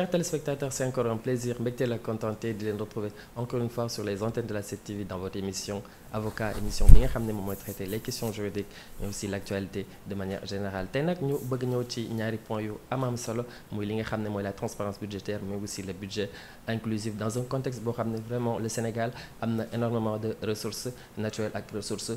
chers téléspectateurs c'est encore un plaisir mbégte la contenté di leen retrouver encore une fois sur les antennes de la 7TV dans votre émission avocat émission bi nga xam ne moom mooy traiter les questions juridiques mais aussi l'actualité de manière générale tey nag ñu bëgg ñëw ci ñaari points yu am am solo muy li nga xam ne mooy la transparence budgétaire mais aussi le budget inclusif boo xam ne vraiment le Sénégal am na énormément de ressources naturelles ak ressources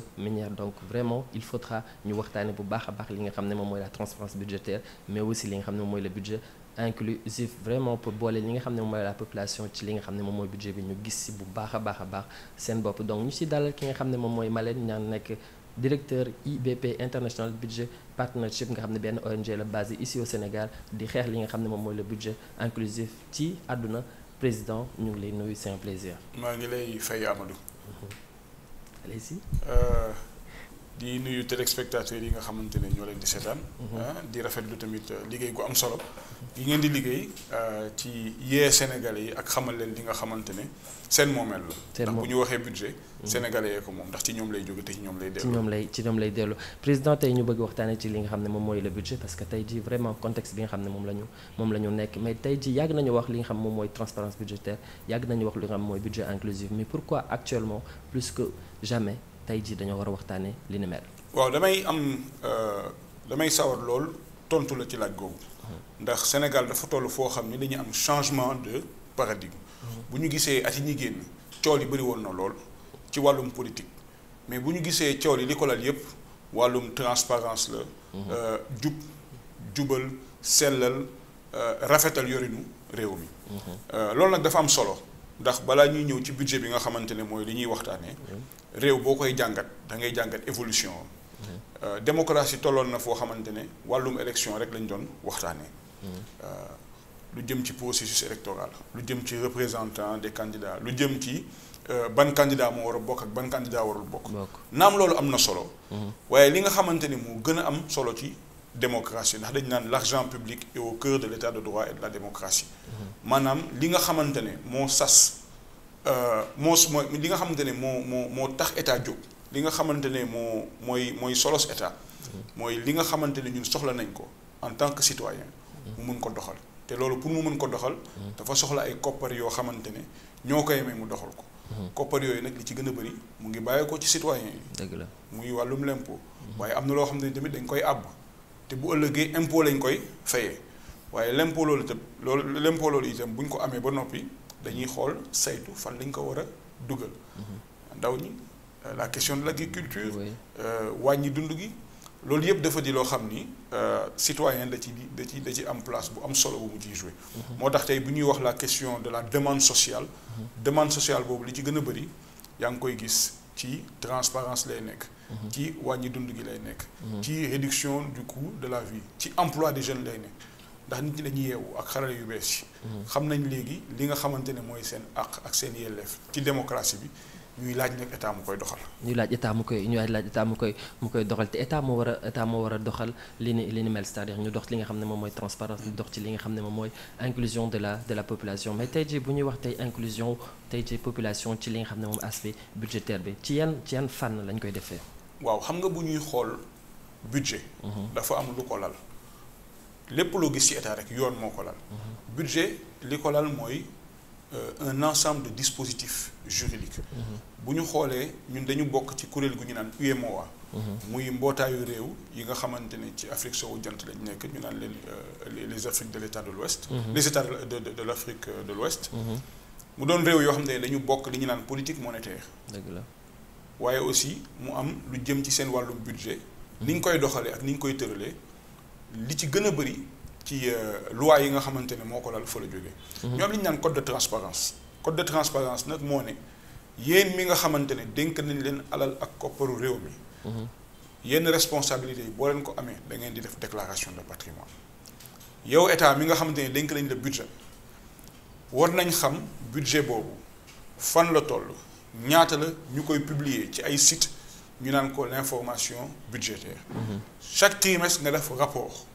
vraiment il faudra ñu waxtaane bu baax a baax li nga xam ne moom mooy la transparence budgétaire mais aussi li nga xam ne mooy le budget inclusif vraiment pour boole li nga xam ne moom mooy la population ci li nga xam ne moom mooy budget bi ñu gis si bu baax a baax a baax seen bopp donc ñu si dalal ki nga xam ne moom mooy Malène ñaan nekk directeur IBP International Budget Partnership nga xam ne benn ONG la base ici au Sénégal di xeex li nga xam ne moom mooy le budget inclusif ci àdduna président ñu ngi lay nuyu c'est un maa ngi lay fay Amadou. Mm-hmm. allez euh, di nuyu téléspectateurs yi nga xamante ne ñoo leen di seetaan. Mhm. Ah, di lu tamit euh, liggéey gu am solo. yi ngeen di liggéey euh, ci yee Sénégalais yi ak xamal leen li nga xamante ne seen moomeel la. ndax bu ñu waxee budget. Mhm. Sénégalais yee ko moom ndax ci ñoom lay jóge te ci ñoom lay. dellu président tey ñu bëgg waxtaanee ci li nga xam ne moom mooy le budget parce que tey jii vraiment contexte bi nga xam ne moom la ñu moom la nekk mais tey jii yàgg nañu wax li nga xam moom mooy transparence budgétaire yàgg mooy budget inclusif mais pourquoi actuellement plus que tey jii dañoo war a waxtaanee li ni mel. waaw damay am euh, damay sawar lool tontu la ci laaj googu. Mm-hmm. ndax Sénégal dafa toll foo xam ne dañu am changement de paradigme. Mm-hmm. bu ñu gisee at yi ñuy génn cool yi bëri woon na lool ci wàllum politique mais bu ñu gisee cool yi li ko lal yépp wàllum transparence la. Mm-hmm. Euh, jub jubal sellal euh, rafetal yorinu réew mi. loolu nag dafa am solo ndax balaa ñuy ñëw ci budget bi nga xamante ne mooy li ñuy waxtaanee. réew boo koy jàngat da ngay jàngat évolution mhm. euh, démocratie tolloon na foo xamante ne wàllum élection rek lañ doon waxtaanee. Mhm. Euh, lu jëm ci processus électoral lu jëm ci représentant des candidats lu jëm ci euh, ban candidat moo war a bokk ak ban candidat warul bokk. naam loolu am na solo. Mhm. waaye li nga xamante ni mu gën a am solo ci démocratie ndax dañ naan l'argent public est au cœur de l'état de droit et de la démocratie. maanaam li nga xamante ne moo sas. Euh, moo su mooy li nga xamante ne moo moo moo tax état jóg li nga xamante ne moo mooy mooy solos état mooy li nga xamante ne ñun soxla nañ ko en tant que citoyen mu mun ko doxal te loolu pour mu mun ko doxal dafa soxla ay koppar yoo xamante ne ñoo ko may mu doxal ko koppar yooyu nag li ci gën a bëri mu ngi bàyyee ko ci citoyen yi dëgg la muy wàllum l'impôt waaye am na loo xam ne tamit dañ koy àbb te bu ëllëgee impôt lañ koy fayee waaye l'impôt loolu itam loolu l'impôt loolu itam bu ko amee ba noppi dañuy xool saytu fan lañ ko war a dugal. Mhm. ndaw ñi euh, la question de l'agriculture. Euh, wàññi dund gi. loolu yëpp dafa di loo xam ni euh, citoyen da ci da ci da ci am place bu am solo bu mu ciy joué. Mhm. moo tax tey bu ñuy wax la question de la demande sociale. Mhm. demande sociale boobu li ci gën a bëri yaa ngi koy gis ci transparence lay nekk. ci wàññi dund gi lay nekk. ci réduction du coût de la vie ci emploi des jeunes lay nekk. ndax nit ñi dañuy yeewu ak xarala yu bees yi. Mm-hmm. xam nañ léegi li nga xamante ne mooy seen àq ak seen yelleef ci démocratie bi ñuy laaj nag état mu koy doxal. ñu laaj état mu koy ñuy laaj état mu koy mu koy doxal te état moo war a état moo war a doxal li ni li ni mel cest ñu dox ci li nga xam ne moom mooy transparence ñu dox ci li nga xam ne moom mooy inclusion de la de la population mais tey jii bu ñuy wax tey inclusion tey jii population ci li nga xam ne moom aspect budgétaire bi ci yan ci yan fànn lañ koy defee. waaw xam nga bu ñuy xool budget. Mm-hmm. dafa am lu ko lépp loo gis ci état rek yoon moo ko lal mhm. budget li ko lal mooy euh, un ensemble de dispositifs juridiques mhm. bu ñu xoolee ñun dañu bokk ci kuréel gu ñu naan UEMOA mhm. muy mbootaayu réew yi nga xamante ne ci Afrique sowu jant lañ nekk ñu naan leen euh, les Afriques de l'état de l'Ouest les états de l'Afrique de l'Ouest mu doon réew yoo xam ne dañu bokk li ñu naan politique monétaire dëgg la waaye aussi mu am lu jëm ci seen wàllu budget ni ñu koy doxalee ak ni ñu koy tërale li ci gën a bëri ci euh, loi yi nga xamante ne moo ko lal fa la jógee. Mhm. ñoom lañ naan code de transparence code de transparence nag moo ne yéen mi nga xamante ne dénk nañ leen alal ak kopparu réew mi. Mhm. yenn responsabilité yi boo leen ko amee da ngeen di def déclaration de patrimoine yow état mi nga xamante ne dénk nañ la budget war nañ xam budget boobu fan la toll ñaata la ñu koy publier ci ay site ñu naan ko l' information budgétaire. Mhm. chaque trimestre nga def rapport.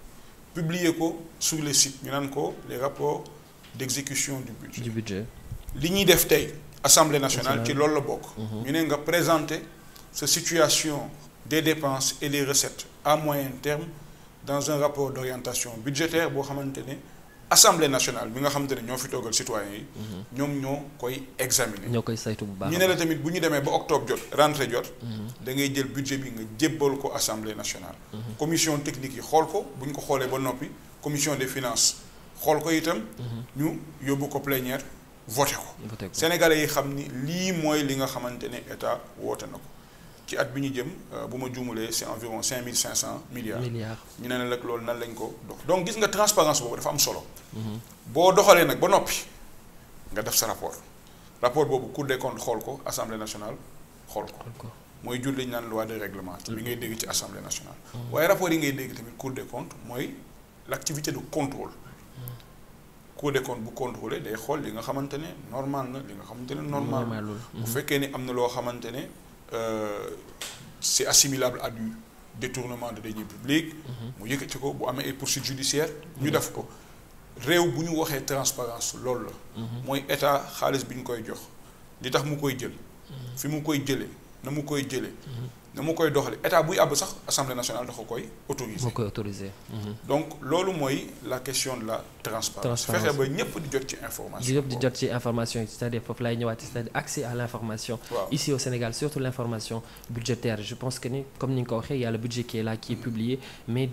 publier ko sur les sites ñu naan ko les rapports d' exécution du budget. li ñuy def tey assemblée nationale ci loolu la bokk. Mhm. ñu ne nga présenter sa situation des dépenses et des recettes à moyen terme dans un rapport d' orientation budgétaire boo xamante ne. assemblée nationale bi nga xamante ne ñoo fi toogal citoyens yi. Mhm. ñoom ñoo koy examiner. ñoo koy saytu bu ñu ne la tamit bu ñu demee ba octobre jot rentrée jot. Mhm. da ngay jël budget bi nga jébbal ko assemblée nationale. Mhm. commission technique yi xool ko bu ñu ko xoolee ba noppi commission de finance xool ko itam. ñu yóbbu ko plénière voté ko. Sénégalais yi xam ni lii mooy li nga xamante ne état woote na ko. ci at bi ñu jëm euh, bu ma juumalee c'est environ cinq mille cinq cent milliards. ñu ne nag loolu nan lañ ko dox donc gis nga transparence boobu dafa am solo. Mm-hmm. boo doxalee nag ba noppi nga def sa rapport rapport boobu Cour des comptes xool ko assemblée nationale xool ko. mooy jur lañu naan loi de règlement. bi ngay dégg ci assemblée nationale. Mm-hmm. waaye rapport yi ngay dégg tamit Cour des comptes mooy l'activité de contrôle. Mm-hmm. Cour des comptes bu contrôlé day xool li nga xamante ne normal na li nga xamante ne normal bu fekkee ni am na loo xamante ne. Euh, c'est assimilable à du détournement de deniers publics. Mhm. mu yëkkati ko bu amee ay poursuites judiciaires ñu mhm. def ko réew bu ñu waxee transparence loolu la. Mhm. mooy état xaalis bi ñu koy jox li tax mu koy jël. fi mu koy jële na mu koy jëlee. na mu koy doxale état buy àbb sax assemblée nationale dafa koy autorisé. Mhm. donc loolu mooy la question de la transparence fexe ba ñëpp di jot ci information. c'est-à-dire foofu laay ñëwaat c'est-à-dire accès à l'information. ici au Sénégal surtout l'information budgétaire je pense que ni comme ni nga le budget qui est là qui est mm. publié mais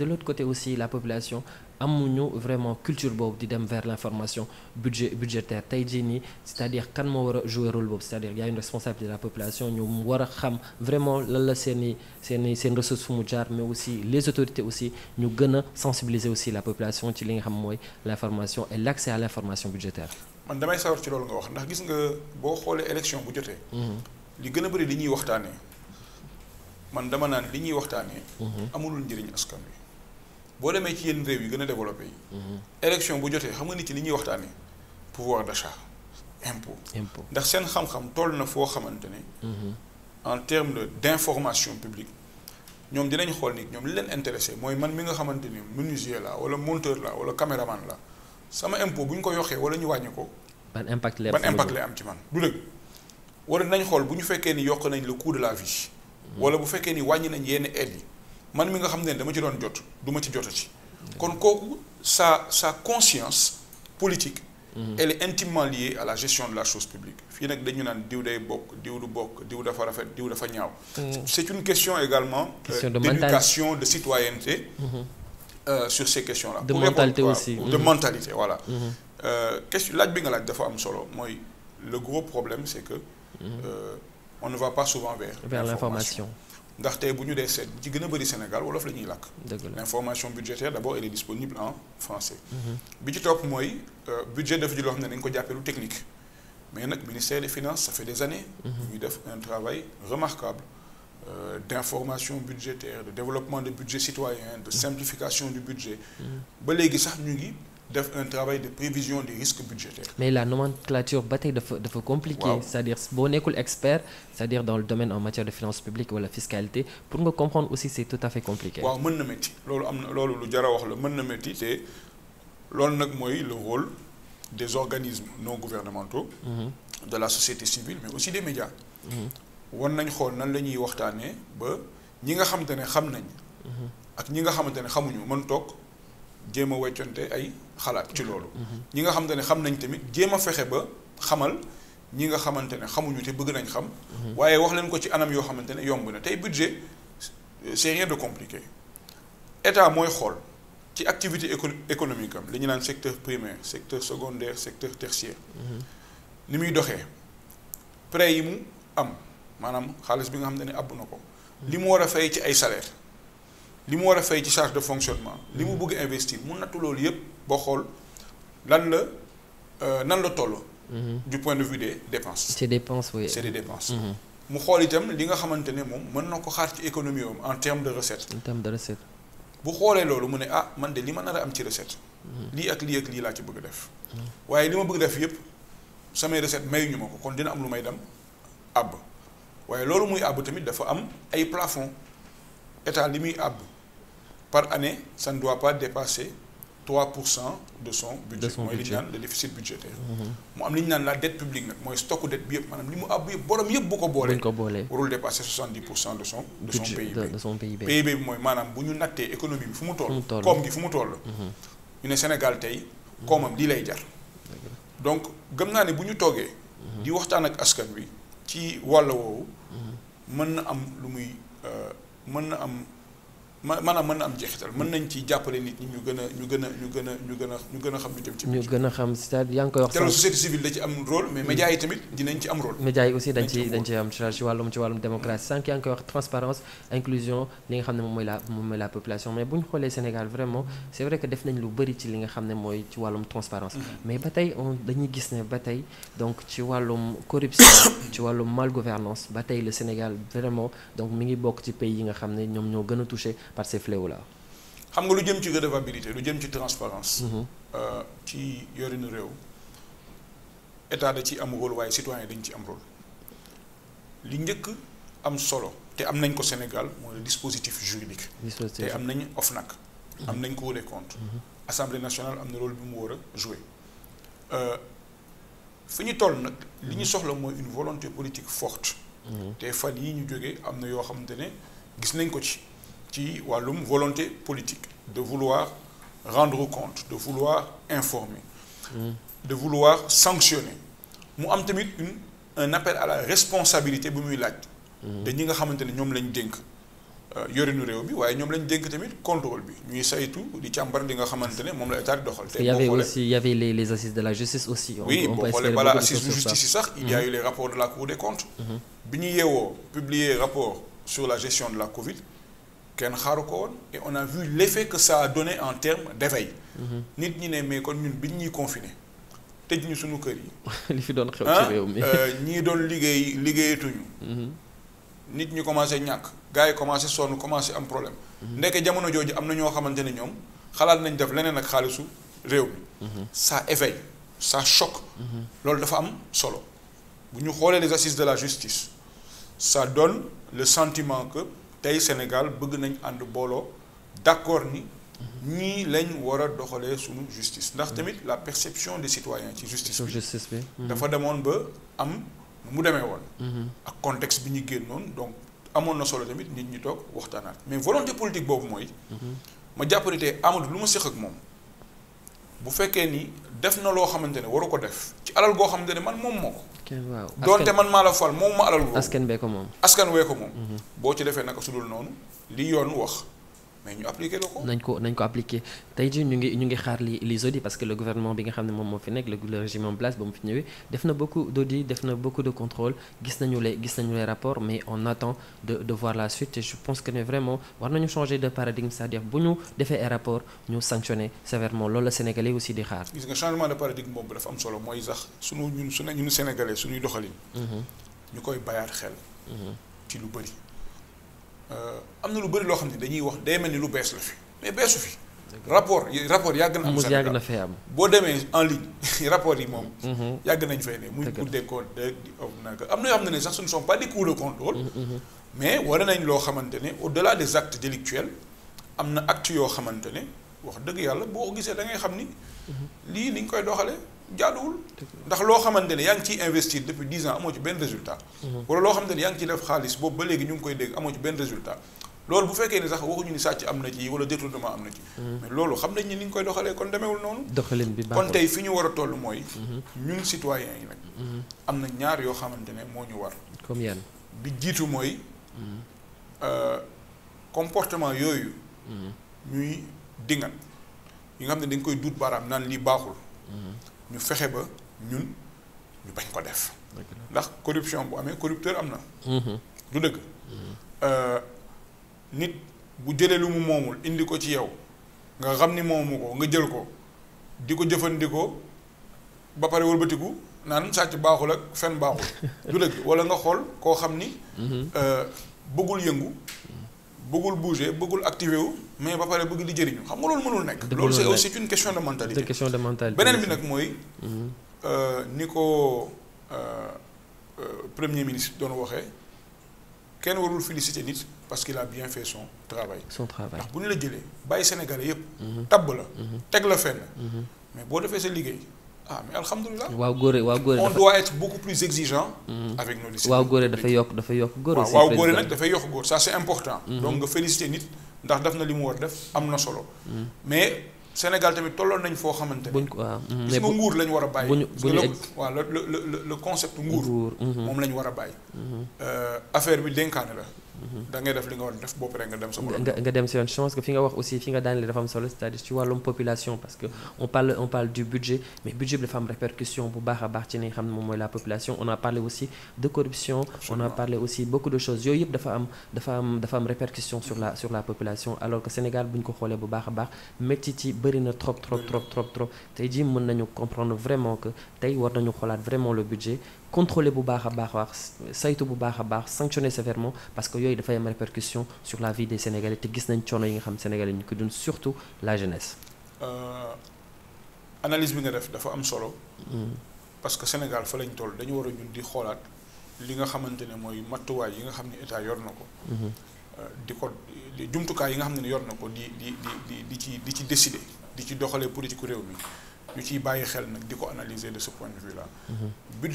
la population amuñu vraiment culture boobu di dem vers l'information budget budgétaire tey jii nii c'est-à-dire kan moo war a jouer rôle boobu c'est-à-dire y a une responsabilité de la population ñu war a xam vraiment lan la seeni seeni seen ressource fu mu jaar mais aussi les autorités aussi ñu gën a sensibiliser aussi la population ci li nga xam mooy l'information et l'accès à l'information budgétaire. man damay sawar ci loolu nga wax ndax gis nga boo xoolee élection bu jotee. Mhm. li gën a bari li ñuy waxtaanee man dama naan li ñuy waxtaanee. Mhm. amulul njëriñ askan wi. boo demee ci yenn réew yi gën a développé yi. Mhm. élection bu jotee xam nga nit ñi li ñuy waxtaanee pouvoir d'achat impôt. impôt ndax seen xam-xam toll na foo xamante ne. Mhm. en terme de d'information publique ñoom dinañ xool nit ñoom li leen intéressé mooy man mi nga xamante ni menuisier la wala monteur la wala caméraman la sama impôt bu ñu ko yokkee wala ñu wàññi ko. ban impact lay impact lay am ci man du dëgg. wala dinañ xool bu ñu fekkee ni yokk nañ le coût de la vie. Mhm. wala bu fekkee ni wàññi nañ yenn aides man mi nga xam ne dama ci doon jot du ma ci jotati kon kooku sa sa conscience politique mhm. elle est intimement liée à la gestion de la chose publique fii nag dañu naan diw day bokk diw du bokk diw dafa rafet diw dafa ñaaw mhm. c'est une question également euh, d'éducation de citoyenneté mhm. euh, sur ces questions là de mentalité aussi de mentalité voilà euh, question laaj bi nga laaj dafa am solo mooy le gros problème c'est que on ne va pas souvent vers vers ndaxte bu ñu dee seet ci gën a bëri Sénégal wolof la ñuy làkk. l'information budgétaire d'abord elle disponible en français. Mhm. bi ci topp mooy euh, budget dafa ji loo xam ne dañ ko jàppee lu technique. mais nag ministère des finances ça fait des années. Mhm. ñuy def un travail remarquable euh, d'information budgétaire de développement de budget citoyen de mhm. simplification du budget. ba léegi sax ñu ngi. def un travail de prévision des risques budgétaires. mais la nomenclature ba tey dafa dafa compliqué waaw. c'est-à-dire boo nekkul expert c'est-à-dire dans le domaine en matière de finances publiques wala fiscalité pour nga comprendre aussi c'est tout à fait compliqué. waaw mën na métti loolu am loolu lu jar a wax la mën na métti te loolu nag mooy le rôle des organismes non gouvernementaux. Mm-hmm. de la société civile mais aussi des médias. Mhm. war nañ xool nan la ñuy waxtaanee ba ñi nga xamante ne xam nañ. Mhm. ak ñi nga xamante ne xamuñu mën toog jéem a wecconte ay. xalaat ci loolu. ñi nga xamante ni xam nañ tamit jéem a fexe ba xamal ñi nga xamante ne xamuñu te bëgg nañ xam. waaye wax leen ko ci anam yoo xamante ne yomb na tey budget c'est rien de compliqué état mooy xool ci activité éco économique am li ñu naan secteur primaire secteur secondaire secteur tertiaire. ni muy doxee prêt yi mu am maanaam xaalis bi nga xamante ne àbb na ko. li mu war a fay ci ay salaire li mu war a fay ci charge de fonctionnement li mu bëgg investir mu nattu loolu yëpp boo xool lan la euh, nan la toll. Mhm. du point de vue des dépenses. c'est dépenses oui. c'est des mhm. mu xool itam li nga xamante ne moom mën na ko xaar ci économie am en terme de recette. en terme de recette. bu xoolee loolu mu ne ah man de li ma nar a am ci recette. Mhm. lii ak lii ak lii laa ci bëgg def. waaye li ma bëgg def yëpp samay recette ñu ma ko kon dina am lu may dem àbb waaye loolu muy àbb tamit dafa am ay plafond état li muy àbb. par année ça ne pas dépasser 3 pour cent de son budget mooy li ñu naan le déficit budgétaire mhm. mu am li ñu naan la dette publique nag mooy stocku dette bi yëpp maanaam li mu àbb yëpp borom yëpp bu ko boolee warul dépasser 70 pour cent de son de son PIB bi mooy maanaam bu ñu nattee économie bi fu mu toll koom gi fu mu toll mhm. ñu ne Sénégal tey koomam lii lay jar donc gëm naa ne bu ñu toogee mhm. di waxtaan ak askan wi ci wàll woowu mën na am lu muy euh, mën ma maanaam mën na am jeexital mën nañ ci jàppale nit ñi ñu gën a ñu gën ñu gën a gën a gën a xam ñu jëm ñu gën a xam cest yaa ngi koy wax. te société civile da ci am rôle mais médias yi tamit dinañ ci am rôle. médias yi aussi dañ ci dañ ci am ci wàllum ci wàllum démocratie sànq yaa ngi koy wax transparence inclusion li nga xam ne moom mooy la moom mooy la population mais bu ñu xoolee Sénégal vraiment c'est vrai que def nañ lu bëri ci li nga xam ne mooy ci wàllum transparence mm-hmm. mais ba tey on dañuy gis ne ba tey donc ci wàllum corruption ci wàllum mal gouvernance ba tey le Sénégal vraiment donc mi ngi bokk ci pays yi nga xam ne ñoom ñoo gën a par ces fléaux là. xam nga lu jëm ci vabilité lu jëm ci transparence mhm. euh, ci yorinu réew état da ci am rôle waaye citoyen dañ ci am rôle li njëkk am solo te am nañ ko Sénégal mooy le dispositif juridique te am nañ nag mhm. am nañ ko des comptes mhm. assemblée nationale am na role bi mu wara a jouer euh, fi ñu toll nag li ñu soxla mooy une volonté politique forte te fan yi ñu jógee am na yoo xamante ne gis nañ ko ci ci wàllum volonté politique de vouloir rendre compte de vouloir informer mm. de vouloir sanctionner mu am tamit une un appel à la responsabilité bu muy laaj te mm. ñi nga xamante ñoom lañ dénk euh, yorinu réew bi waaye ñoom lañ dénk tamit contrôle bi ñuy saytu di càmbar li nga xamante ne moom la état di doxal. te boo xoolee y avait aussi de la justice aussi. on oui boo xoolee balaa assises de justice yi sax. il y a eu les de la cour des comptes. Mm-hmm. bi ñu yeewoo publier rapport sur la gestion de la Covid. kenn xaaru ko woon et on a vu l'effet que ça a donné en termes d'éveil mm-hmm. nit ñi ne mais kon ñun biñ ñuy confiné tëj ñu suñu kër yi. li fi doon xew ci réew mi euh, ñii doon liggéey liggéeyatuñu. Mm-hmm. nit ñi commencé ñàkk gars yi commencé sonn commencé am problème. Mm-hmm. ndeke jamono jooju am na ñoo xamante ne ñoom xalaat nañ def leneen ak xaalisu réew mi. ça éveille ça choque. loolu dafa am solo bu ñu xoolee les de la justice sa donne le sentiment que. tey Sénégal bëgg nañu ànd booloo d'accord ni ñii lañ war a doxalee sunu justice ndax mm-hmm. tamit la perception de citoyens ci justice bi mm-hmm. dafa demoon ba am mu demee woon mm-hmm. ak contexte bi ñu génnoon donc amoon na solo tamit nit ñi toog waxtaanaat mais volonté politique boobu mooy ma jàpp ni lu ma séq ak moom bu fekkee ni def na loo xamante ne waru ko def ci alal goo xamante ne man moom moo ko askan waaw doonte man maa la fal moom ma alal boobu askan bee ko moom askan wee ko moom boo ci defee naka su dul noonu li yoon wax mais ñu appliqué la ko. nañ ko nañ ko appliqué tey jii ñu ngi xaar li les audits parce que le gouvernement bi nga xam ne moom moo fi nekk le régime en ba mu fi ñëwee def na beaucoup d'audits def gis nañu les gis nañu les rapports mais on attend de voir la suite je pense que ne vraiment war nañu changer de paradigme cest bu ñu defee ay rapport ñu sanctionner sévèrement loolu la sénégalais aussi di xaar. gis nga changement de paradigme boobu dafa am Euh, am na lu bëri loo xam ne dañuy wax day mel ni lu bees la fi mais beesu fi. rapport rapport yàgg na am sax boo demee en ligne rapport yi moom mm-hmm. yàgg nañ fay ne muy cour des comptes am na yoo xam ne ne sax ce ne sont pas de contrôle mm-hmm, mm-hmm. mais war nañ loo xamante ne au delà des actes délictuels am na actes yoo xamante ne wax dëgg yàlla boo gisee dangay xam ni lii ni ñu koy doxalee jaaduwul ndax loo xamante ne yaa ngi ciy investir depuis dix ans amoo ci benn résultat mhm. wala loo xam ne yaa ngi ciy def xaalis boobu ba léegi ñu ngi koy dégg amoo ci benn résultat loolu bu fekkee ni sax waxuñu ni sàcc am na ci wala détournement am na ci mhm. mais loolu xam nañ ni ni ñu koy doxalee kon demeewul noonu doxalin bi kon tey fi ñu war a toll mooy mhm. ñun citoyen yi nag am na ñaar yoo xamante ne moo ñu war comme yan bi jiitu mooy euh, comportement yooyu ñuy dingan yi nga xam ne dañ koy duut baaraam naan lii baaxul ñu fexe ba ñun ñu bañ ko def. ndax corruption bu amee corrupteur am na. Mhm. du dëgg. Mhm. Euh, nit bu jëlee lu mu moomul indi ko ci yow nga xam ni moomu ko nga jël ko di ko jëfandikoo ba pare wëlbatiku naan sàcc baaxul ak fen baaxul du dëgg walla nga xool koo xam ni. Mhm. Euh, bëggul yëngu bëggul bouger bëggul activé wu mais ba pare bëgg di jëriñu xam nga loolu mënul nekk. loolu c'est aussi une question de mentalité. de question de mentalité beneen bi nag mooy. Mhm. Euh, ni ko euh, euh, premier ministre doon waxee kenn warul féliciter nit parce qu'il a bien fait son travail. ndax bu ñu la jëlee bàyyi Sénégalais yëpp. Mhm. tabb la mhm. teg la fenn. mais boo defee sa liggéey. ah mais alhamdulilah. waaw góore waaw góore on doit être beaucoup plus exigeant. avec nos lycéens waaw góore dafay yokk dafay yokk góor. aussi waaw góore nag dafay yokk góor ça c'est important. Mhm. donc nga féliciter nit ndax daf na li mu war def am na solo. Mhm. mais Sénégal tamit tolloon nañ foo xamante ne. buñ ko waaw mhm, mais bu nguur lañ war a bàyyi. buñu buñu waaw le le le concept nguur. moom lañ war a bàyyi. Euh, affaire bi dénkaane la. Mhm. da ngay def li nga war def bopp rek nga dem sa bopp. nga dem si yoon je pense que fi nga wax aussi fi nga daanele dafa am solo c'est-à-dire ci wàllum population parce que on parle on parle du budget mais budget bi dafa am répercussion bu baax a baax ci li xam ne moom la population on a parlé aussi de corruption. on a parlé aussi beaucoup de choses yooyu yëpp dafa am dafa am répercussion sur la sur la population alors que Sénégal bu ñu ko xoolee bu baax a baax métti ci bëri na trop trop trop trop tey jii mën nañu comprendre vraiment que tey war nañu xoolaat vraiment le budget. contrôler bu baax a baax a baax saytu bu baax a baax sanctionner sévèrement parce que yooyu dafay am répercussion sur la vie des Sénégalais te gis nañ coono yi nga xam Sénégalais ñu ko dund surtout la jeunesse. Euh, analyse bi nga def dafa am solo. Hmm. parce que Sénégal fa lañ toll dañu war a ñun di xoolaat li nga xamante ne mooy matuwaay yi nga xam ne état yor na ko. Hmm. Euh, di ko jumtukaay yi nga xam ne yor na ko di di di di ci di ci décider di ci doxalee politique réew mi ñu ciy bàyyi xel nag di ko analyser de ce point de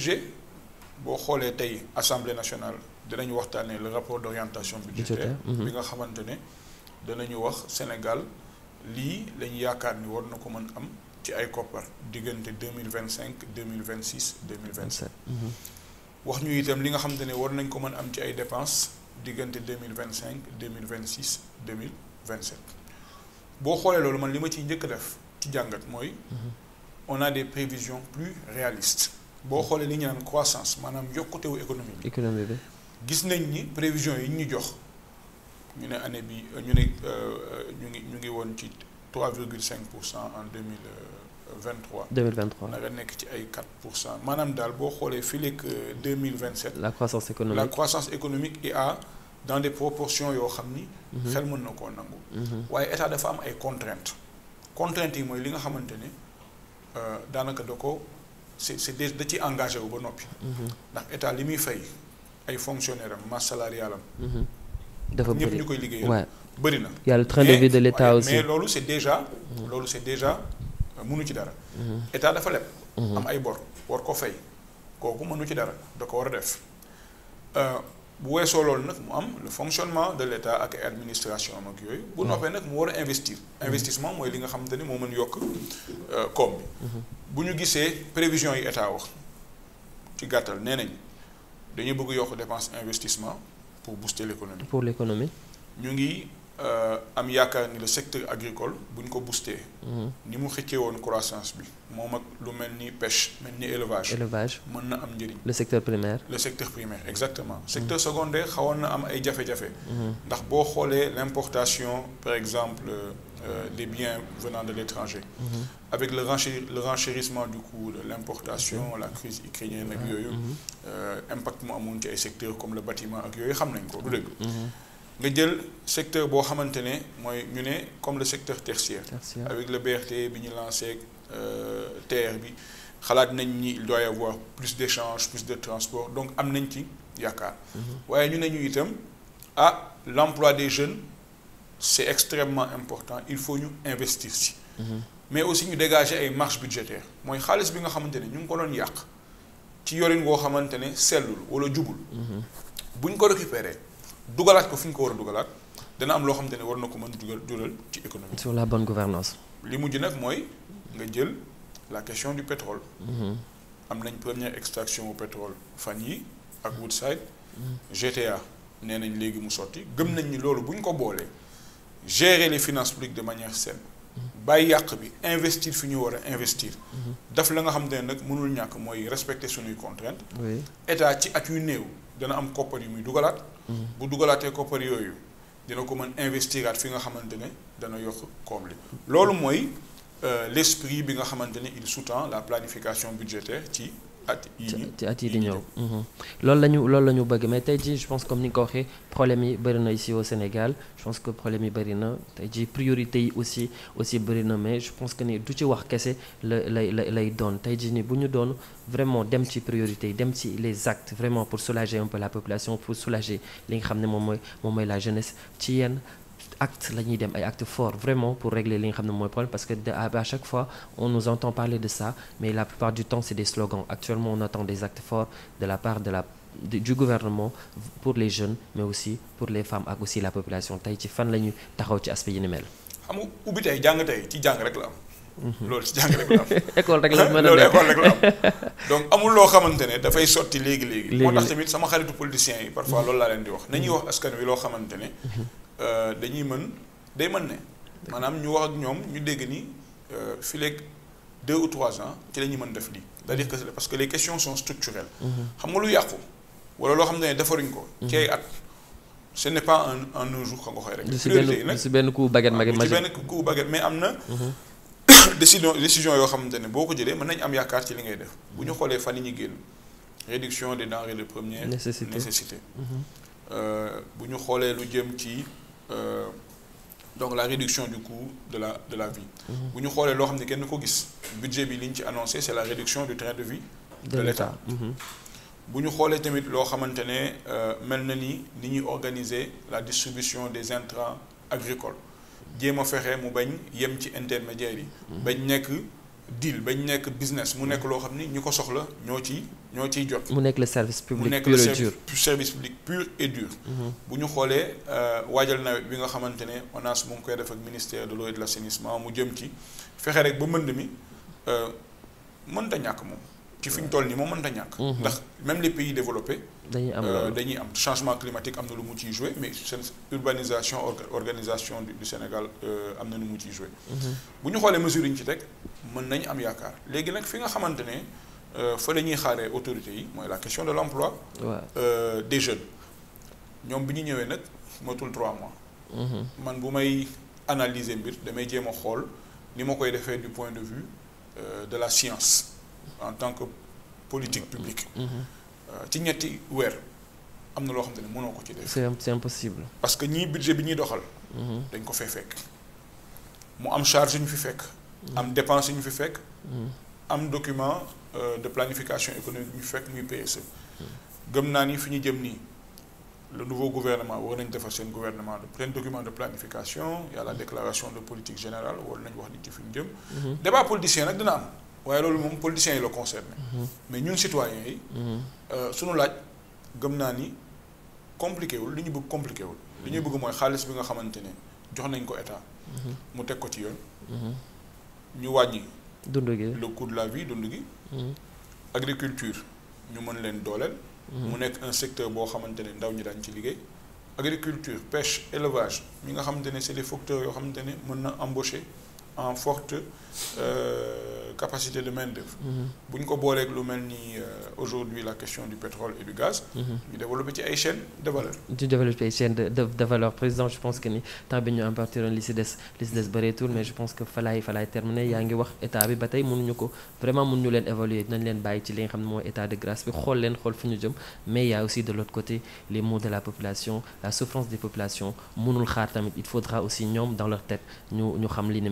boo xoolee tey assemblée nationale dinañu waxtaanee le rapport d' orientation budgétaire mhm. bi nga xamante ne danañu wax Sénégal lii la yaakaar ni war na ko mën am ci ay koppar diggante deux mille vingt cinq deux mille vingt six deux mille vingt sept mhm. wax ñu itam li nga xamante ne war nañ ko mën am ci ay dépenses diggante deux mille vingt cinq deux mille vingt six deux mille vingt sept boo xoolee loolu man li ma ciy njëkk def ci jàngat mooy mhm. on a des prévisions plus réalistes boo xoolee li ñu naan croissance maanaam yokkute wu économie bi. économie bi gis nañ ni prévision yi ñu jox ñu ne année bi euh, ñu ne euh, ñu ngi ñu ngi woon ci trois virgule cinq pour cent en deux mille euh, vingt trois. deux mille vingt trois naka nekk ci ay quatre pour cent maanaam daal boo xoolee fi léegi deux mille vingt sept. la croissance économique la croissance économique dans des proportions yoo xam ni. Mhm. xel mën na koo nangu. Mhm. waaye état dafa am ay contraintes. contraintes yi mooy li nga xamante ne daanaka da ko. c'est c'est de da ciy engagé wu ba noppi. ndax état li muy fay ay fonctionnaire am masse salariale am. dafa bëri ñu koy liggéeyal bëri na. y a le train de vie de l'état aussi mais loolu c'est déjà. loolu c'est déjà euh, mënu ci dara. état dafa leb. Mhm. am ay bor war ko fay kooku mënu ci dara da ko war a def. Euh, bu weesoo loolu nag mu am le fonctionnement de l' ak administration am ak yooyu. bu noppee nag mu war a investir. investissement mooy li nga xamante ni moo mën yokk euh, koom bi. Mm-hmm. bu ñu gisee prévision yi état wax ci gàttal nee nañ dañu bëgg yokk dépense investissement pour booster l' économie. pour léconomie ñu ngi. Euh, am yaakaar ni le secteur agricole bu ñu ko boosté. Mhm. ni mu xëccee woon croissance bi moom ak lu mel ni pêche mel ni élevage. élevage mën na am njëriñ. le secteur primaire. le secteur primaire exactement. Mhm. secteur secondaire xawoon na am ay jafe-jafe. Mhm. ndax boo xoolee l'importation par exemple euh, euh, des bien venant de l'étranger. avec le renchir le renchérissement du coût de l'importation la crise ukrainienne ak yooyu. impact mu amoon ci ay secteurs comme le bâtiment ak yooyu xam nañ ko nga jël secteur boo xamante ne mooy ñu ne comme le secteur tertiaire. avec le BRT bi ñu lancé euh, TER bi xalaat nañ ñi il doit avoir plus d' échange plus de transport donc am nañ ci yaakaar. Mhm. waaye ñu ne ñu itam ah l' emploi des jeunes c' est extrêmement important il faut ñu investir si mhm. mais aussi ñu dégager ay marge budgétaire mooy xaalis bi nga xamante ne ñu ngi ko doon yàq ci yorin boo xamante ne sellul wala jubul. Mhm. buñ ko récupérer. dugalaat ko fi ñu ko war a dugalaat dana am loo xamante ne war na ko mën dugal dugal ci économie. sur la bonne gouvernance li mujj nag mooy nga jël la question du pétrole. Mm-hmm. am nañ première extraction au pétrole fan yi ak mm-hmm. Woodside. Mm-hmm. GTA nee nañ léegi mu sotti gëm nañ ni loolu bu ñu ko boolee gérer les finances publiques de manière saine. bàyyi yàq bi investir fi ñu war investir. daf la nga xam ne nag mënul ñàkk mooy respecter suñuy contraintes. état ci at yu néew dana am koppar muy dugalaat. bu dugalaatee koppar yooyu dina ko man investiraat fi nga xamante ne dana yokk koom li loolu mooy euh, l'esprit bi nga xamante ne il sous-tend la planification budgétaire ci at yii ci at yii di ñëw. Mhm. loolu la ñu loolu la ñu bëgg mais tey jii je pense comme ni nga ko waxee problème yi bëri na ici au Sénégal je pense que problème yi bëri na tey jii priorité yi aussi aussi bëri na mais je pense que ni du ci wax kese la lay la lay doon tey jii nii bu ñu doon vraiment dem ci priorité yi dem ci les actes vraiment pour soulager un peu la population pour soulager li nga xam ne moom mooy moom mooy la jeunesse ci yenn. acte la ñuy dem ay acte fort vraiment pour régler li xam ne mooy problème parce que à chaque fois on nous entend parler de ça mais la plupart du temps c'est des slogans actuellement on attend des actes forts de la part du gouvernement pour les jeunes mais aussi pour les femmes ak aussi la population tey ci fan la taxaw ci aspect yi ni mel. xam ubbi tey jàng tey ci jàng rek la am. Mhm. loolu ci jàng rek la am. école rek la a loolu école am donc amul loo xamante ne Euh, dañuy mën day mën ne maanaam ñu wax ak ñoom ñu dégg ni euh, fii léeg deux ou trois ans ci la ñuy mën def lii c'est-à-dire que parce que les questions sont structurelles mm-hmm. xam nga lu yàqu wala loo xam ne defaruñ ko mm-hmm. ci ay at ce n'est pas un un un jour xam nga koy rek priorité nag ci benn coup baguette ci benn coup baguette mais am na mm-hmm. décision décision yoo xamante ne boo ko jëlee mën nañ am yaakaar ci li ngay def bu ñu xoolee fan yi ñu génn réduction des denrées de première nécessité euh, bu ñu xoolee lu jëm ci Euh, donc la réduction du coût de la de la vie. Mm-hmm. bu ñu xoolee loo xam ne kenn ko gis budget bi li ñu ci annoncé c'est la réduction du train de vie. de, de l'État mm-hmm. bu ñu xoolee tamit loo xamante ne euh, mel na ni ni ñuy organiser la distribution des intrants agricoles jéem a fexe mu bañ yem ci intermédiaires yi. Mm-hmm. bañ nekk. deal bañ nekk business mu nekk loo xam ni ñu ko soxla ñoo ciy ñoo ciy jot. mu nekk le service public. mu nekk le service public pur et dur. Mm-hmm. bu ñu xoolee euh, waajal nawet bi nga xamante ne ONAS mu ngi koy def ak ministère de l'eau et de l'assainissement mu jëm ci fexe rek ba mënd mi euh, mënta ñàkk moom. ci fi ñu toll nii moo mënta ñàkk. Mhm. ndax même les pays développés. dañuy am euh, dañuy changement climatique am na lu mu ciy joué mais seen organisation du Sénégal euh, am na lu mu ciy joué. Mhm. bu ñu xoolee mesures ñu ci teg mën nañ am yaakaar léegi nag fi nga xamante ne euh, fa la ñuy xaaree autorités yi mooy la question de l' des jeunes ñoom bi ñu ñëwee nag matul trois mois. Mhm. man bu may analyser mbir damay jéem a xool ni ma koy defee du point de vue de la science. en tant que politique publique. Mm-hmm. Euh, ci ñetti weer am na loo xam ne mënoo ko ci def. c'est impossible. parce que ñii budget bi ñuy doxal. Mm-hmm. dañ ko fee fekk mu am charge yu ñu fi fekk. Mm-hmm. am dépense yu ñu fi fekk. am document euh, de planification économique ñu fekk muy PSE gëm naa ni fi ñu jëm nii le nouveau gouvernement war nañ defar seen gouvernement de plein de planification y la déclaration de politique général war nañ wax nit ci fi ñu jëm débat politicien nag dina am waaye loolu moom politiciens yi la concerné mhm. mais ñun citoyens yi mhm. euh, suñu laaj gëm naa ni compliqué wul li ñu bëgg compliqué wul li ñuy bëgg mooy xaalis bi nga xamante ne jox nañ ko état mhm. mu teg ko ci yoon ñu wàññi dund gi le coût de la vie dund gi agriculture ñu mën leen dooleel mu nekk un secteur boo xamante ne ndaw ñi daañ ci liggéey agriculture pêche élevage mi nga xamante ne c'est des facteurs yoo xamante ne mën na embaucher en forte euh, capacité de main d'œuvre mm-hmm. bu ñu ko booleeg lu mel ni euh, aujourd'hui la question du pétrole et du gaz mm-hmm. ñu développé ci ay chaînes de valeur ñu développé ay chaînes de valeur président je pense que ni temps bi ñu li si des li si des bëreetul mais je pense que falaay falaay terminé yaa ngi wax état bi ba tey mënuñu ko vraiment mënuñu leen évaluer dinañ leen bàyyi ci li nga xam ne mooy état de grâce bi xool leen xool fu ñu jëm mais y a aussi de l'autre côté la population la souffrance des populations mënul xaar tamit aussi ñoom dans leur tête ñu ñu xam li ni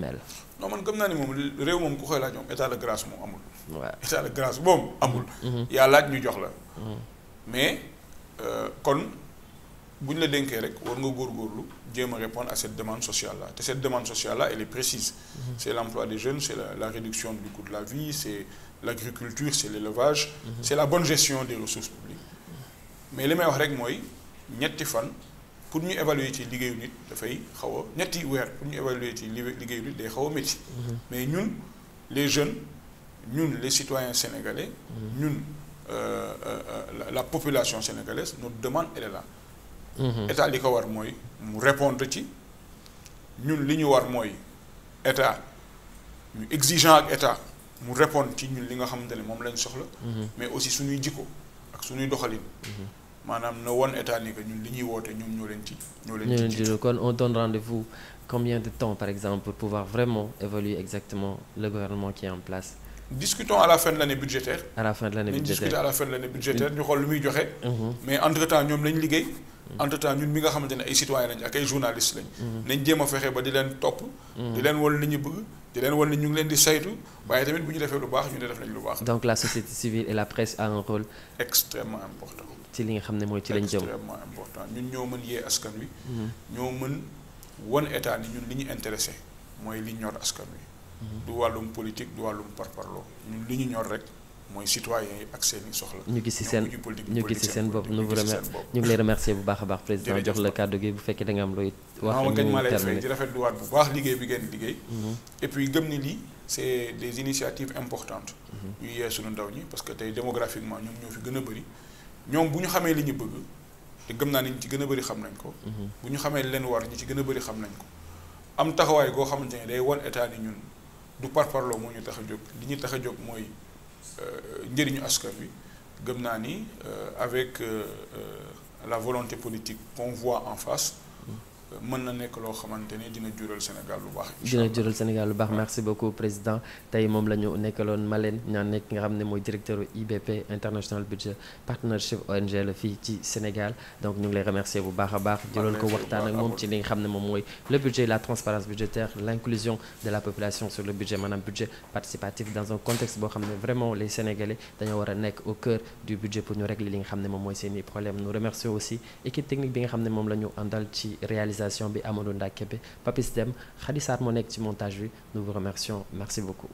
non man gëm naa ni moom réew moom ku koy laaj moom état de grâce moom amul. waaw état de grâce moom amul. Mhm. yaa laaj ñu jox la. Mhm. mais euh, kon bu ñu la dénkee rek war nga góorlu jéem a répondre à cette demande sociale là te cette demande sociale là elle est précise. Mhm. c' est l' emploi des jeunes c' est la, la réduction du coût de la vie c' est l' agriculture c' la bonne gestion des ressources publiques. mais li may wax rek mooy ñetti fan. pour ñu évaluer ci liggéeyu nit dafay xaw a ñetti weer pour ñu évaluer ci liggéeyu nit day xaw a métti mm-hmm. mais ñun les jeunes ñun les citoyens sénégalais mm-hmm. ñun euh, euh, la population sénégalaise notre demande elle est là mm-hmm. état li ko war mooy mu répondre ci ñun li ñu war mooy état ñu exigeant ak état mu répondre ci ñun li nga xamante ne moom lañ soxla mais aussi suñuy jikko ak suñuy doxalin maanaam na woon état ni que ñun li ñuy woote ñoom ñoo leen ci. ñoo leen ci kon on donne rendez-vous combien de temps par exemple pour pouvoir vraiment évaluer exactement le gouvernement qui est la fin budgétaire. à xool lu muy joxe. Mhm. mais entre temps ñoom lañ liggéey. Mhm. entre temps ñun mi nga xamante ne ay citoyens lañ ak ay journalistes lañ. Mhm. nañ jéem a fexe ba di leen topp. di leen won li ñu bëgg. di leen won ni ñu leen di saytu waaye tamit bu ñu defee lu baax ñu def nañ lu ci li nga xam ne mooy ci lañ jëm extrêmement ñun ñoo mën yee askan wi. Mm-hmm. ñoo mën wan état ni ñun li ñu intéressé mooy li ñor askan wi. Mm-hmm. du wàllum politique du wàllum parparloo ñun li ñu ñor rek. mooy citoyen yi ak seen i soxla. ñu gis seen ñu gis ci seen bopp ñu ngi lay remercier bu baax a baax président jox la kàddu gi bu fekkee da nga am looy. wax ah, ak ñu ma lay fay di rafetlu waat bu baax liggéey bi ngeen liggéey. Mm-hmm. et puis gëm ni lii c'est des initiatives ndaw ñi parce que tey démographiquement ñoom ñoo fi gën a bëri. ñoom bu ñu xamee li ñu bëgg te gëm naa ni ñu ci gën a bëri xam nañ ko. Mhm. bu ñu xamee leen war ñu ci gën a bëri xam nañ ko am taxawaay goo xamante ne day wan état ni ñun du parparloo moo ñu tax a jóg li ñu tax a jóg mooy euh, njëriñu askan wi gëm naa ni euh, avec euh, la volonté politique qu'on voit en face. mën na nekk loo xamante ni dina jural Sénégal lu baax. dina jural Sénégal lu baax merci beaucoup président tey moom la ñu nekkaloon Malène ñaan nekk nga xam ne mooy directeur IBP International Budget Partnership ONG fii ci Sénégal donc ñu ngi lay remercier bu baax a baax. jëloon ko waxtaan ak moom ci li nga xam ne moom mooy le budget la transparence budgétaire l'inclusion de la population sur le budget maanaam budget participatif dans un contexte boo xam ne vraiment les Sénégalais a ne moom mooy seen i problème nous remercions aussi la ñu réalisation bi Amadou Ndakebe Papis Dem Khady Sarr moo nekk ci montage bi nous vous remercions merci beaucoup